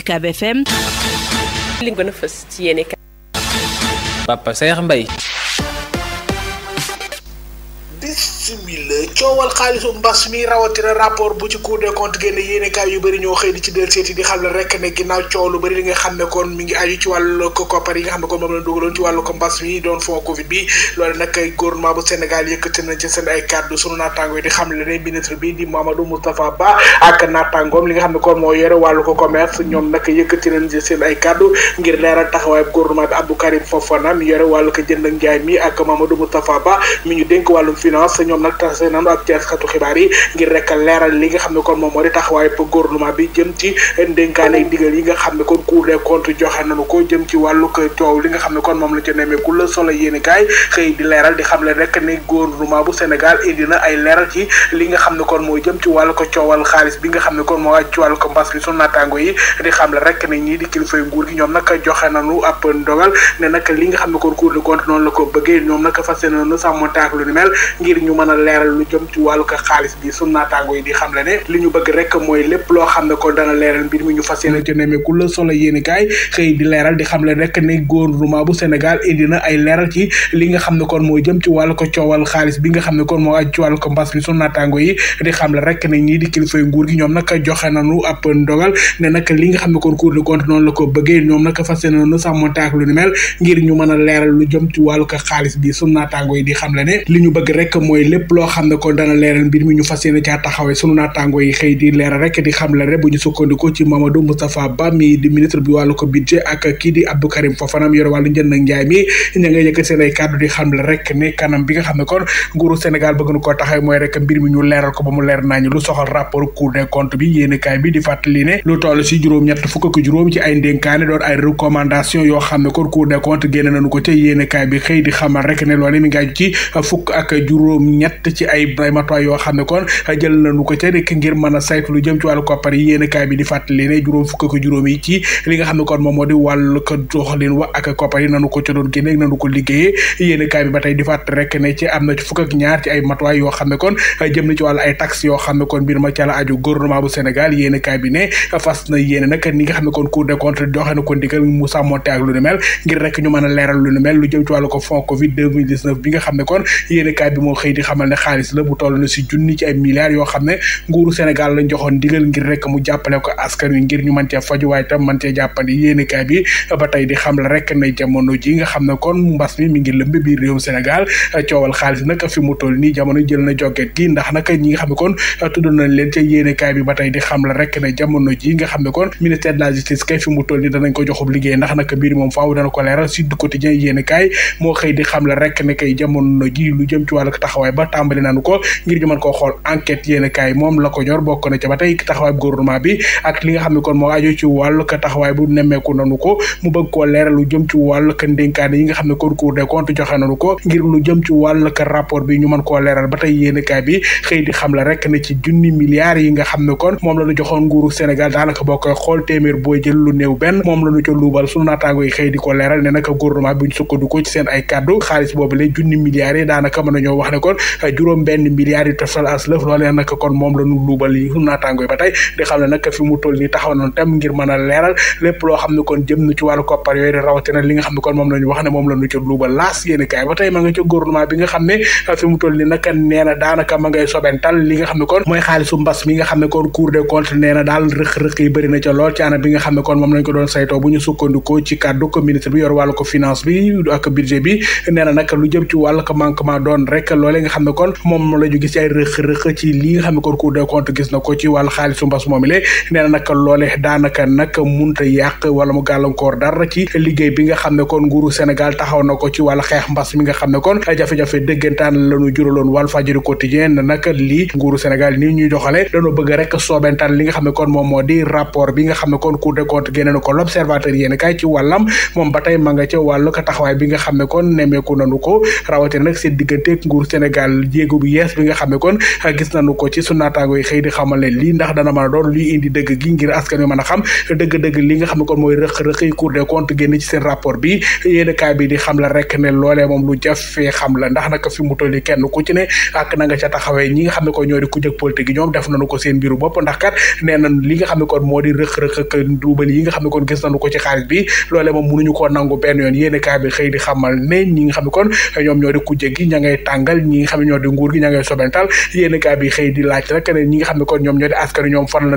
UCAB FM li gën a fës ci yéen Papa Saer Mbaye coowal xaalisu mbas mi rawatina rapport bu ci cour des comptes génne yéenekaay yu bëri ñoo xëy di ci del seeti di xam ne rek ne ginnaaw coow lu bëri li nga xam ne kon mi ko koppar yi nga xam ne kon ko mbas mi doon fond covid bi loolu nag gouvernement bu Sénégal yëkkati nañ ay kàddu sunu naataango yi di xam ne ne ministre bi di Mamadou Moustapha Ba nga xam ne kon moo yore wàllu ko commerce ñoom nag yëkkati nañ ci seen ay kàddu ngir leeral taxawaay gouvernement bi Abdou Karim Fofana mi yore wàllu ko jënd ak njaay mi ak Mamadou Moustapha Ba mi ñu dénk wàllum finance ñoom nag tase nañ ab taskatu xibaar yi ngir rek leeral li nga xam ne kon moom moo di taxawaay pour gouvernement bi jëm ci ndénkaane ak digal yi li nga xam ne kon moom la la solo yéen kaay xëy di leeral di xam le rek ne gouvernement bu Sénégal indi na ay leeral ci li nga xam ne kon moo jëm ci wàllu ko coowal xaalis bi nga xam ne kon moo aj yi nga xam ne kon Cour des comptes noonu la ko bëggee ñoom nag fas yéene nañu sàmmontaak lu ni mel ngir ñu mën a leeral lu jëm jëm ci wàllu ko xaalis bi sunu naataango yi di xam le ne li ñu bëgg rek mooy lépp loo xam ne kon dana leeral mbir mi ñu fas yéene ci nemmeeku la solo yéeni kaay xëy di leeral di xam le rek ne gouvernement bu Sénégal indi na ay leeral ci li nga xam ne kon mooy jëm ci wàllu ko coowal xaalis bi nga xam ne kon moo aju ci wàllu ko mbas bi sunu naataango yi di xam le rek ne ñii di kilifay nguur gi ñoom nag joxe nañu ab ndogal ne li nga xam ne kon Cour des comptes noonu la ko bëggee ñoom nag fas yéene na sàmmonte ak lu ni mel ngir ñu mën a leeral lu jëm ci wàllu xaalis bi sunu naataango yi di xam le kon dana leeral mbir mi ñu fas yéene caa taxawee sunu naataango yi xëy di leeral rek di xam la rek Ba mi di ministre la rek ne kanam bi ne kon ci fukk ak juróom ñett ci ay ay matuwaay yoo xam ne kon jël nañu ko ca rek ngir mën a saytu lu jëm ci wàllu koppar yi ko ca rek ngir rek a leeral lu jëm ci wàllu ko fond covid bi nga xam kon yéen kaay bi moo xëy di xamal ne xaalis la bu toll na si junni ci ay milliards yoo xam ne nguuru Sénégal lañ joxoon digal ngir rek mu jàppale ko askan wi ngir ñu mën cee faju waaye tam mën cee jàppandi yéenekaay bi tey di xam la rek ne jamono ji nga xam ne kon mbas mi mi ngi lëmb biir réewum Sénégal coowal xaalis nag fi mu toll nii jamono jël na joget gi ndax nag ñi nga xam ne kon tudd nañ leen ca yéenekaay bi ba tey di xam la rek ne jamono ji nga xam ne kon ministère de la justice kay fi mu toll nii danañ ko joxub liggéey ndax nag mbir moom faaw dana ko leeral Sud Quotidien yéenekaay moo xëy di xam la rek ne kay jamono ji lu jëm ci wàllu taxawaay ba tàmbali nañu ko ko ngir ñu mën koo xool enquête yéen kaay moom la ko ñor bokk na ca ba tey taxawaay gouvernement bi ak li nga xam ne kon moo aju ci wàllu ka taxawaay bu nemmeeku nanu ko mu bëgg koo leeral lu jëm ci wàllu ka ndénkaane yi nga xam ne kon Cour des comptes joxe nanu ko ngir lu jëm ci wàllu ka rapport bi ñu mën koo leeral ba tey yéen kaay bi xëy di xam la rek na ci junni milliards yi nga xam ne kon moom la ñu joxoon nguuru Sénégal daanaka boo koy xool téeméer boo jël lu néew benn moom la ñu ca luubal su naataango yi xëy di ko leeral ne naka gouvernement bi ñu ko ci seen ay kàddu xaalis boobu la junni milliards yi daanaka mën nañoo wax ne kon juróom benn benn milliard yu toftal as lëf loolee nag kon moom la ñu luubal yi suñu naataangoo ba tey di xam ne nag fi mu toll nii taxaw a ma ngay sobental li nga xam ne kon moom lañ ko jëm ci wàllu ko manquement doon rek loolee nga xam ne kon moom moom la ñu gis ay rëq-rëq ci li nga xam ne kon Cour des comptes ko ci wàllu xaalisu mbas wala mu gàllankoor dara ci liggéey bi nga xam ne kon nguuru Sénégal taxaw na ko ci wàllu xeex mbas mi nga xam ne kon jafe-jafe dëggantaan lañu juraloon Walf Fadjri quotidien nag lii nguuru Sénégal nii ñuy doxale dañoo bëgg rek soobentaan li nga xam ne kon moom moo di rapport bi nga ne kon Cour des comptes ko l'observateur yéen kay ci wàllam moom ba tey ma nga ca wàllu ko taxawaay bi nga xam ne kon nemmeeku nañu ko rawatina nag seen digganteeg nguuru Sénégal jéego bi yees bi nga xam ne kon gis a a xam dëgg kaay bi di xam la rek ne loolee moom lu jafee xam la ndax naka fi mu toll kenn ku ci ne ak na ca taxawee ñi nga xam ñoo di ku jëk politique yi ñoom def nañu ko di rëq-rëq ak duubal yi nga ñoom ñoo di kujje gi ña ngay tàngal ñi ñoo di nguur gi ña ngay sobental yéen kaay bi xëy di laaj rek ne ñi nga xam ne kon ñoom ñoo di askan ñoom fan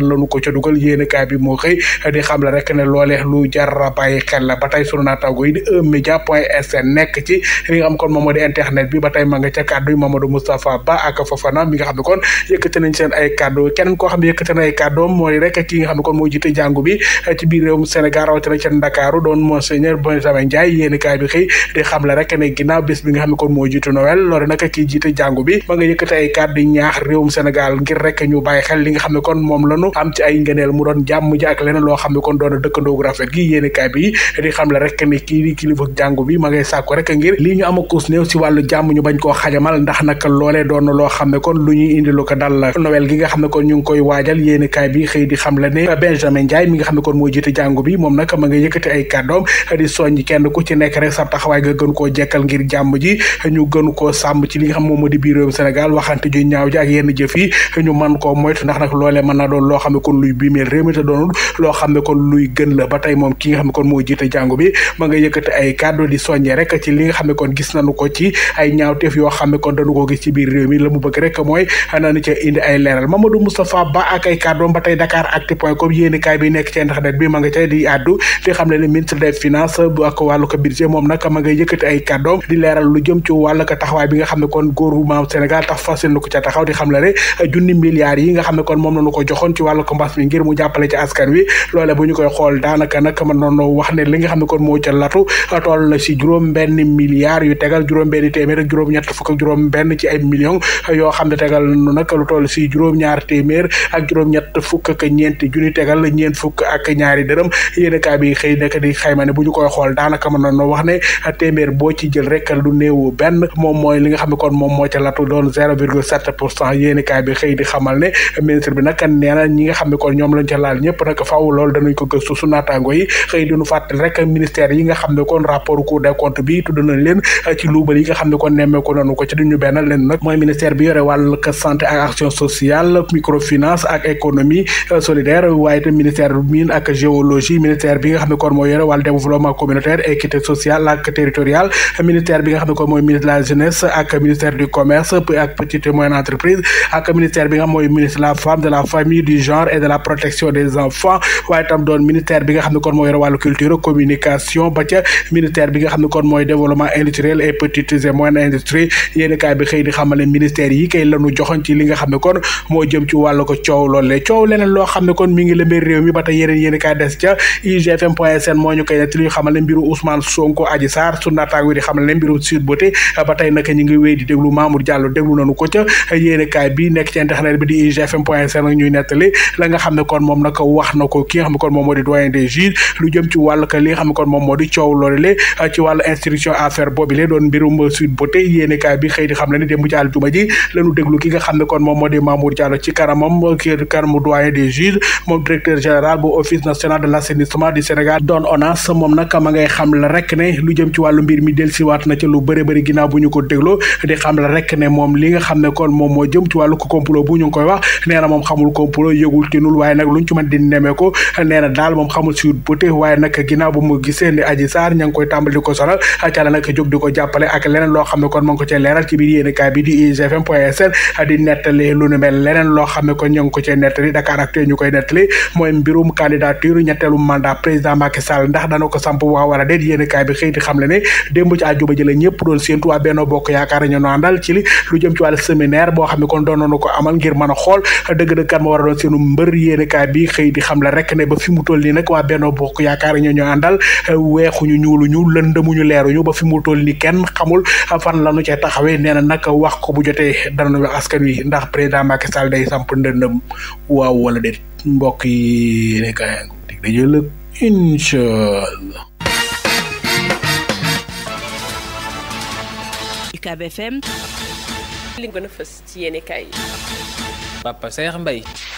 la ko ci a dugal yéen kaay bi moo xëy di xam la rek ne loolee lu jar a xel la ba tey sunu naataango yi di eMédia point sn nekk ci li nga xam kon kon moom moo di internet bi ba tey ma nga ca kàddu yi Mamadou Moustapha Ba ak Fofana mi nga xam ne kon yëkkati nañ ay kàddu keneen mooy rek la rek ne ginnaaw bés ne kon moo jiitu Noël loolu nag kii jiite nga yëkkati kon moom lañu am ci ay ngëneel mu doon jàmm ji ak loo xam kon doon dëkkandoogu rafet gi yéeni kaay bi xam la rek ne kii di jàngu bi ma ngay rek ngir li ñu am ko puus néew si wàllu jàmm ñu bañ koo xajamal ndax nag loole doon loo xam ne kon lu ñuy indi lu ko dal Noël gi nga xam ne kon ñu ngi koy waajal yéeni kaay bi xëy di xam la ne Benjamin Ndiaye mi nga xam ne kon mooy jiite jàngu bi moom nag ma nga yëkkati ay kàddoom di kenn ku ci nekk rek sa taxawaay nga gën koo jekkal ngir jàmm ji ñu gën koo sàmm ci li nga xam moom moo di biir réewum Sénégal waxante ju ñaaw ji yenn jëf yi ñu koo moytu ndax nag loolee mën naa doon loo xam ne kon luy mi te doonul loo xam kon luy gën la ba tey moom ki nga xam ne kon moo jiite jàngu bi ma nga yëkkati ay kàddu di soññee rek ci li nga xam ne kon gis nañu teewlu ko ci ay ñaawteef yoo xam kon dañu ko gis ci biir réew mi la mu bëgg rek mooy nañu ca indi ay leeral Mamadou Moustapha Ba ak ay kàddoom ba tey Dakaractu.com bi nekk ci internet bi ma nga cay di àddu di xam ne ak ay kàddoom bi nga xam ne kon gouvernement Sénégal tax fas yéene ko ca taxaw di xam le ne junni milliards yi nga xam kon moom lañu ko joxoon ci wàllu ko mbas mi ngir mu jàppale ci askan wi loole bu ñu koy xool daanaka nag man noonu wax ne li nga xam kon moo ca latu toll na si juróom benn tegal juróom-benni téeméer ak juróom-ñett fukk ak juróom-benn ci ay millions yoo xam ne tegal nu nag lu toll si juróom-ñaar téeméer ak juróom-ñett fukk ak ñeenti junni tegal ñeent fukk ak ñaari dërëm yéen kaa bi xëy naka di xayma ne bu ñu koy xool daanaka mën na noo wax ne boo ci jël benn moom mooy li nga xam ne kon moo ca latu doon zéro virgule sept pour cent yéen kaa bi xëy di xamal ne ministre bi nag nee na ñi nga xam ne kon ñoom lañ ca laal ñëpp nag faaw loolu danañ ko gëstu su naataango yi xëy di nu fàttali rek ministère yi nga xam ne kon rapport Cour des comptes bi tudd nañ leen ci luubal yi nga xam ne ko nemmeeku nanu ko ci duñu benn leen nag mooy ministère bi yore wàll santé ak action sociale microfinance ak économie euh, solidaire waaye te ministère mine ak géologie ministère bi nga xam ne kon mooy yore ne kon mooy ministre de la jeunesse ak ministère du mooy ministre de la tam ministère bi nga xam ne kon mooy yore wàllu culture communication ba ca ministère bi nga xam ne kon mooy développement industriel et petites et moyennes industries yéen kaay bi xëy di xamale ministère yi kay lanu joxoon ci li nga xam kon moom naka wax na ko ki kon moom moo doyen des juges lu jëm ci wàllu li nga kon moom moo coow loole ci wàllu instruction affaire boobu doon mbirum Sweet Beauté yéenekaay bi xëy di xam le ne kon moom moo di Mamour Diallo ci kanamam ki kanamu doyen des moom directeur général bu office national de l'assainissement du Sénégal doon ONAS moom nag ma ngay xam la rek ne lu jëm ci wàllu mbir mi delsiwaat na ci lu bëri bëri ginnaaw bu ñu ko dégloo di xam la rek ne moom li nga xam ne kon moom moo jëm ci wàllu ko complot bu ñu koy wax nee moom xamul complot yëgul tinul waaye waaye nag ginnaaw bu mu jàppale ak leneen loo xam ne kon mu ngi ko cee leeral ci biir yéenekaay bi loo xam ne kon ñu ngi ko cee nettali Dakaractu ñu koy nettali mooy mbirum candidature ñetteelu mandat président Macky ndax dana ko samp waa wala déet yéenekaay bi di xam ci waa Benno Bokk Yaakaar ñu àndal ci li xam ne kon doon nañu ko amal ngir mën a xool dëgg-dëgg kan a doon seenu mbër yéenekaay bi xëy di xam la rek ne ba fi mu toll nii nag ñu àndal weexuñu ñu ba fi mu toll nii kenn kenn xamul fan la nu cay taxawee nee na nag wax ko bu jotee dana nu askan wi ndax président Macky Sall day samp ndëndëm waaw wala déet mbokk yi ne kaay dig dañuy Papa Saer Mbaye.